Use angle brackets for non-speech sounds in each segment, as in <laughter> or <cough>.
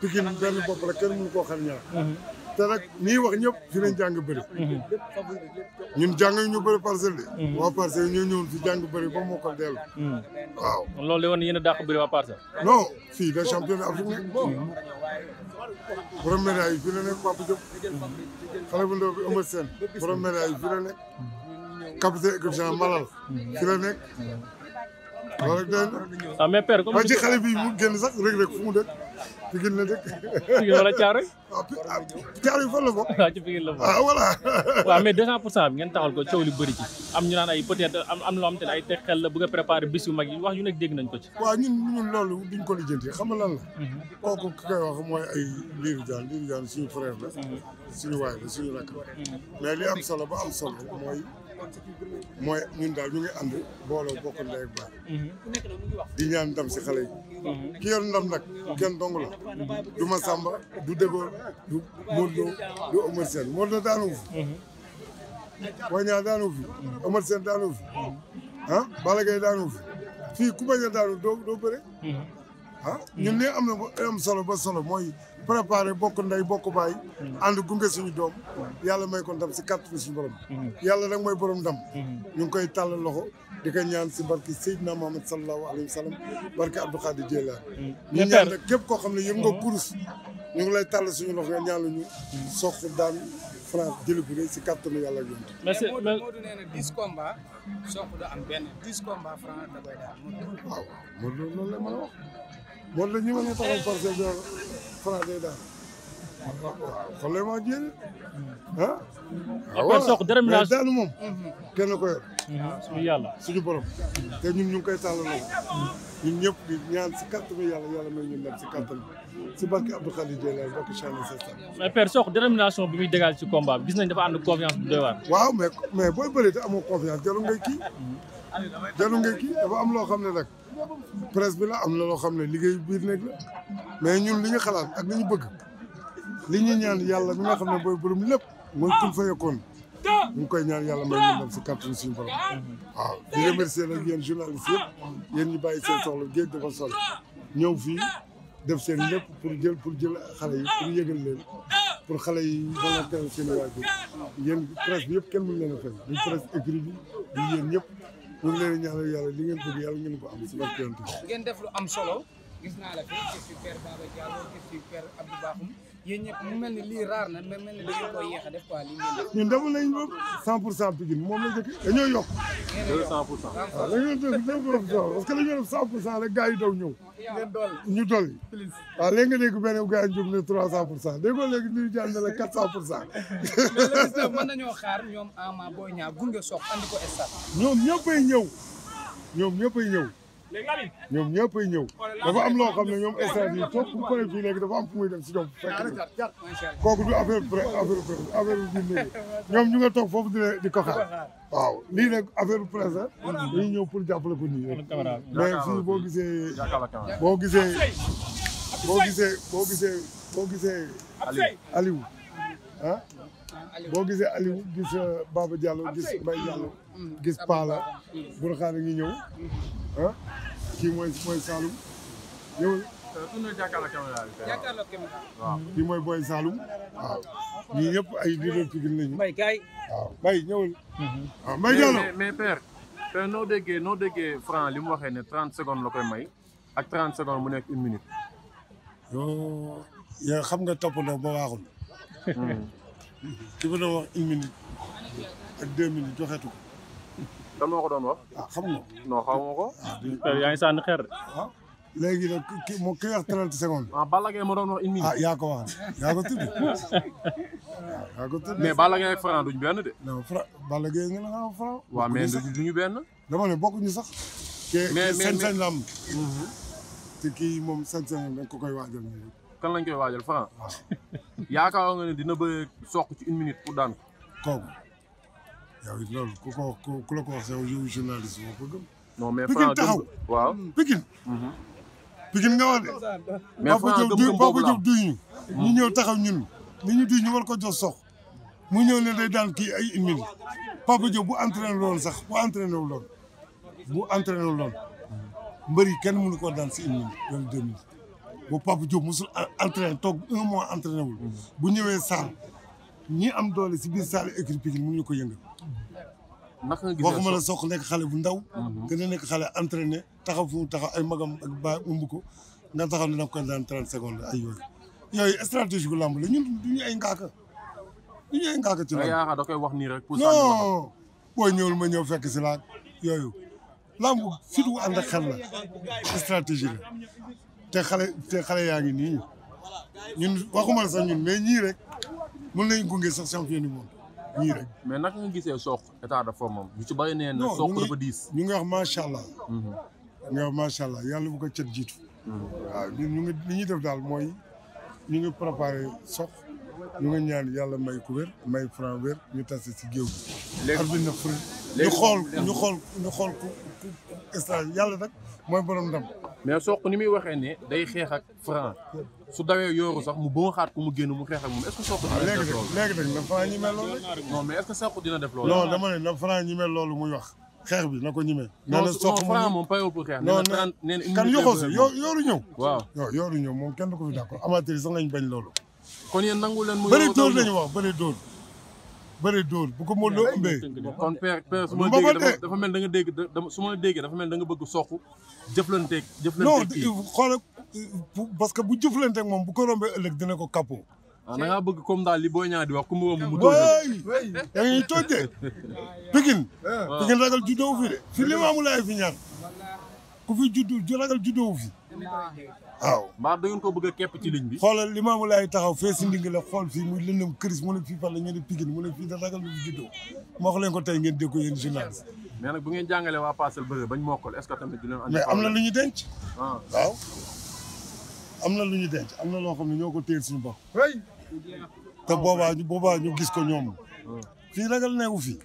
Pikine benn bopp la kenn mënu koo xam ñaar mhm. te nag nii wax ñëpp fi lañ jàng mhm. Mhm. ñun jàng ñu bëri parcelle de waa parcelle ñoo ñëwoon fi jàng bëri ba moo ko dellu waaw loolu woon yéen a dàq bëri waa parcelle non fii da champion Afrique nekk borom médaille yi fii la nekk Papa Diop xale bu ndaw bi Eumeu Sène borom médaille yi fii na ah, mais père comme ci xale bi sax rek rek fu mu Pikine la dëkk. Pikine wala Thiaroye. waaw ah, ah, Thiaroye fan la bokk. waaw ah, ci Pikine la bokk. ah voilà. mais 200 pour cent bi ngeen taxal ko coow li bëri ci. am ñu naan ay peut-être am loo xam te ne ay teg xel la bëgg a préparer bis yu mag yi wax yu nekk dégg nañ ko ci. waaw loolu duñ ko lijjanti xam nga la. Mhm. kooku ki koy wax mooy ay Lirou suñu frère la. Mhm. suñu waay la suñu rakk mhm. mais li am solo ba am solo mooy. mooy ñun daal ñu ngi ànd booloo bokk ndey ak baay. di ñaan ndam si xale yi. Mm-hmm. ki yor ndam nag kenn dong la du ma du Dégol du Modou du Omar Sène Modou Lo daanu fi. Mm-hmm. Boña daanu fi Omar mm-hmm. Sène daanu fi ah fi ku bañ a daanu doo doo ah ñun li am na am solo ba solo mooy préparer bokk ndey bokk baay. Mm. ànd gunge suñu doom. Mm. yàlla may ko ndam si kàttan suñu borom. Mm-hmm. yàlla nag mooy borom dam mm-hmm. ñu ngi koy tàllal loxo di ko ñaan si barki Seydina Mohamed sallallahu alayhi wa sallam barki Abdou Khadir Jeylaan. Mm-hmm. ñu ñaan nag képp koo xam ne yëngu nga kurus. ñu ngi lay tàll suñu loxo nga ñaan ñu. sox daan France jëli bu si kàttanu yàlla ak yoon. merci mais Modou nee sox du am benn dix France da koy daal. wala ñi ma la taxaw parcelle de France day daal. xoolal maa jël ah. waaw ah, sox dërëm naa daal moom. kenn ko yor. suñu yàlla suñu borom. te ñun ñu ngi koy tàllaloo. ñun ñëpp di ñaan si kàttan bi yàlla yàlla may ñu ndam si kàttan bi si barke Abdou Khadir Jeylaani barke Cheikh Alioune Sall. mais père sox bi muy dégal ci combat bi gis nañ dafa ànd confiance bu waar. waaw mais booy bëri te amoo confiance jarul ngay kii. Mm-hmm. jarul dafa am loo xam ne nag. presse bi la am na loo xam ne liggéey biir nekk la mais ñun li ñu xalaat ak li bëgg li ñu ñaan yàlla mi nga xam ne booy borom lépp mooy kun fa yokkoon ñu ngi koy ñaan yàlla may ñu dem si kàttan suñu borom waaw di remercier nag yéen journaliste yëpp yen ñu bàyyi seen soxla géej dafa sol ñëw fii def seen lépp pour jël pour jël xale yi pour yëgal leen pour xale yi mën a teew seen waajur kenn mën leen bi yéen ñëpp ñu ngi leen di ñaanal yàlla li ngeen bëgg yàlla ngeen ko am si barke ngeen def lu am solo gis naa la fi gis fi père Baba Diallo gis fi père Abdou Bakhoum ñu ñëpp mel ni lii raar na mais mel ni def quoi lii ñun deful nañ moom 100 cent Pikine moom la njëkk dañoo yokk. 200 pour cent waaw dañoo def 2 pour cent parce que dañoo def 100 pour cent rek gars yi daw ñëw. ñu dolli waaw léegi nga dégg benn gars yi ñu ne 300 pour cent dégg nga léegi ñu jàll ne la 400 pour cent. mais mën nañoo xaar ñoom Ama Boy ñaar gunge soog andi ko stade. ñoom ñëppay ñëw ñoom ñëppay ñëw. ñoom ñëpp ay ñëw dafa am loo xam ne ñoom instant bii toog ku pare fii dafa am fu muy dem si ñoom fekk kooku du affaire pré affaire pré affaire bi néeg ñoom ñu nga toog foofu di di ko xaar waaw lii ne affaire presse dañuy ñëw pour jàppale ko nii rek mais fii boo gisee boo gisee boo gisee boo gisee boo gisee Aliou ah boo gisee Aliou gis euh, Baba Diallo gis Mbaye Diallo mm. gis Paala Burxaan a ngi ñëw mm-hmm. ah, kii mooy mooy Saloum euh, ñëwal mm-hmm. kii mooy Boy Saloum waaw ah, ñii ñëpp ay diidoo Pikine lañu Mbaye kaay waaw ah, Mbaye ñëwal waaw mm-hmm. mais père te noo déggee noo déggee Franc li mu waxee ne trente secondes la koy may ak trente secondes mu nekk une minute yoo xam nga toppandoo ba waaxul hmm. li ma doon wax une minute ak minutes joxeetu ko. kan moo ko doon wax. ah xam nga. non xamuma ko. ah yaa ngi sànni xeer de. Ah, léegi nag ki mu ki wax trente secondes. ah Balla Gaye doon wax une minute. ah yaa ko wax yaa ko tudd. Ah, yaa ko tudd. mais Balla Gaye ak Franc duñ benn de. non ah, ne bokkuñu sax. mais mais mhm. te kii sañ moom sañ-sañ ko koy waajal. kan lañ koy waajal Franc. waaw <laughs> yaakaar nga dina bëre soq ci une minute pour daan ko. kooku yow it loolu ku ko ku la ko wax yow yow journaliste boo ko gëm. non mais Franc taxaw waaw hmm, mhm. nga wax mais Franc gëm-gëm boobu la duy ñu. ñu ñëw taxaw ñun ni ñu duy ñu war ko jox soq. mu ñëw ne day daan kii ay une minute Papa Diop bu entraîné loon sax bu entraîné lool loon bu entraîné wu loon kenn mënu ko daan si une minute wala deux bu Pape Diop musul entraîné toog un mois entraîné wul. bu ñëwee saal ñi am doole si biir saal équipe Pikine mënuñu ko yëngal. naka nga gisee waxuma la soq nekk xale bu ndaw. te mhm. ne nekk xale entraîné taxa fu taxaw ay magam ak baay umb ko nga taxaw ne da nga koy daan trente secondes ay yooyu. yooyu stratégie gu làmb la ñun duñu ay ngaaka duñu ay ngaaka ci làmb. da koy wax nii rek. pour non booy ñëwul ma ñëw fekk si yooyu làmb surtout ànd ak te xale te xale yaa ngi nii ñun waxuma la sax ñun mais ñii rek mën nañ gunge sax champion du monde ñii rek. mais naka nga gisee Sokh état de forme am ñu ci bàyyi nee na diis. ñu ngi wax macha allah. Mhm. ñu macha allah yàlla bu ko cët jiitu. Mhm. waaw ñu ngi li ñuy def daal mooy ñu ngi préparé Sokh ñu ngi ñaan yàlla may ku wér may franc wér ñu tase si géew bi. léegi arbitre na fure ñu xool ñu xool ñu xool ku ku yàlla nag mooy borom ndam. mais Sokh ni muy waxee ne day xeex ak Franc su dawee yooru sax mu bëngaxaat ku mu génn mu xeex ak moom est-ce que Sokh dina def loolu na Franc ñimee loolu non mais def loolu non dama ne na loolu muy wax xeex bi na ko ñimee nee na Sokh moom payoo pour xeex non nee na kan yoxoo yooru ñëw waaw yow yooru ñëw moom kenn du ko fi d'accord amateur yi sax nañ bañ loolu kon yéen nangu leen mu bëri dóor lañu wax bëri dóor bëri dóor bu ko Modou Lo ëmbee. kon père père su ma déggee dafa mel da nga dégg su ma déggee dafa mel da nga bëgg soq jëflanteeg. jëflanteeg non euh, euh, parce que bu jëflanteeg moom bu ko rombee ëllëg dina ko kapoo. waaw ah, da ngaa bëgg comme daal li boo ñaa di wax ku mu wóobu mu tóoj. waay yaa ngi tóojee. Pikine. Ah. Pikine ragal juddoo fi de. fi li maamu fi ñaan ku fi juddu ragal juddoo fi. waaw mbaa da ngeen ko bëgg a képp ci ligne bi xoolal limaamu laay taxaw fee si ndig la xool fii muy lëndëm mu ne fii fan la ñu ne Pikine mu ne fii da ragal lu ko tey ngeen dégg ko mais nag bu ngeen jàngalee waa Parcelles bëgg bañ mokkal est-ce que tamit ñu denc ah. waaw am na lu ñu denc am na loo xam ne ñoo ko téel suñu bopp te boobaa ñu boobaa ñu gis ko ñoom ah. fii ragal neewu fii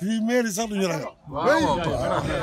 fii mairie sax duñu ragal